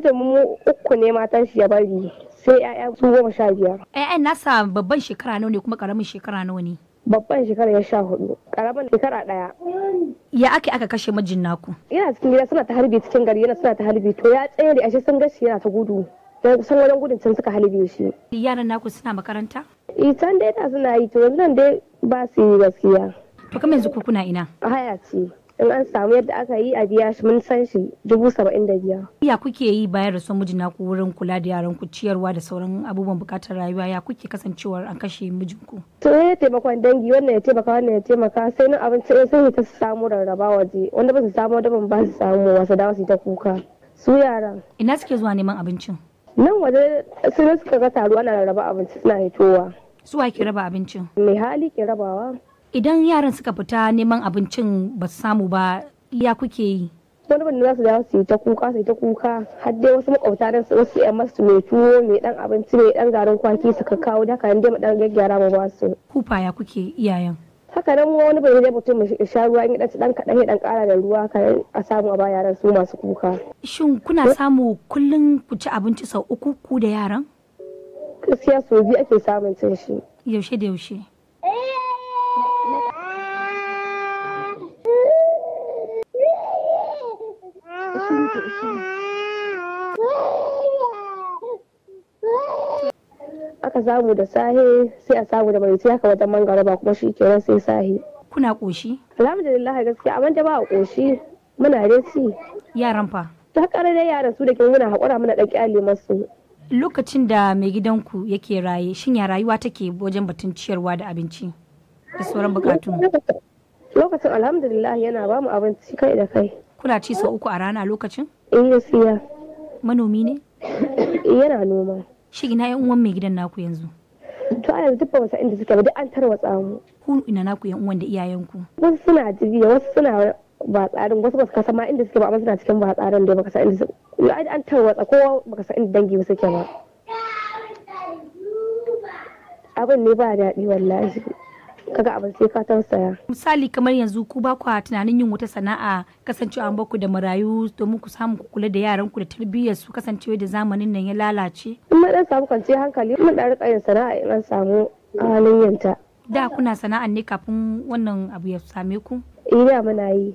mijin mu uku ne matan shi ya bari sai 'ya'ya su goma sha biyar. Na nasa babban shekara nawa ne kuma karamin shekara nawa ne? babban shekara ya sha hudu karamin shekara ɗaya. ya ake aka kashe mijin naku yana cikin gida suna ta harbi cikin gari yana suna ta harbi to ya tsaye da ashe sun gashi yana ta gudu sun wajen gudun can suka halibe shi yaran naku suna makaranta itan eh, dai ta suna yi to yanzu nan dai ba su yi gaskiya to kamar yanzu kuna ina haya ce in an samu yadda aka yi a biya shi mun san shi dubu saba'in da biyar. Ya kuke yi bayar da son mijina ku wurin kula da yaran ku ciyarwa da sauran abubuwan bukatar rayuwa ya kuke kasancewar an kashe mijinku. To ya taimakon dangi wannan ya taimaka wannan ya taimaka sai na abinci eh, sai sun ta samu rarraba waje wanda ba su samu daban ba su samu wasu dawa su ta kuka. Su yaran. Ina suke zuwa neman abincin? Nan waje sun suka ga taro ana rarraba abinci suna hitowa. Su wa ke raba abincin? Mai hali ke rabawa. idan yaran suka fita neman abincin ba su samu ba ya kuke yi wani bane za su dawo su yi ta kuka su yi ta kuka har dai wasu makwabta dan su yi masu mai tuwo mai dan abinci mai dan garin kwaki suka kawo da haka dai madan dan gaggyara ba su kufa ya kuke iyayen haka nan wani bai da mutum mai sha ruwa in dan dan kadan ya dan kara da ruwa kan a samu a ba yaran su masu kuka shin kuna samu kullun ku ci abinci sau uku ku da yaran gaskiya sau biyu ake samun cin shi yaushe da yaushe aka samu da sahe sai a samu da mai haka wajen ba kuma shi kenan sai sahe kuna koshi alhamdulillah gaskiya abin da ba a koshi muna resi? yaran fa ta kare da yaran su da ke muna haƙura muna ɗan ƙyale masu lokacin da mai gidanku yake raye shin ya rayuwa take wajen batun ciyarwa da abinci da sauran bukatu lokacin alhamdulillah yana ba mu abinci kai da kai Kula ci sau uku a rana lokacin? Eh, iya siya. Manomi ne? Eh, yana noma. Shi ina yan uwan mai gidan naku yanzu? To a yanzu tuffa wasa inda suke ba duk an tarwatsa mu. Ku ina naku yan uwan da iyayenku? Wasu suna jibiya, wasu suna ba tsarin wasu basu kasa ma inda suke ba amma suna cikin ba tsarin da baka san inda suke. An tarwatsa kowa baka san inda dangi ba suke ba. Abin ne ba daɗi wallahi. kaga abin sai ka tausaya misali kamar yanzu ku ba ku tunanin yin wata sana'a kasancewa an baku da marayu domin ku samu ku kula da yaran ku da tarbiyyar su kasancewa da zamanin nan ya lalace in mun dan samu kwanciyar hankali mun dan rika yin sana'a in an samu halin yanta da kuna sana'an ne kafin wannan abu ya same ku Iya eh, muna yi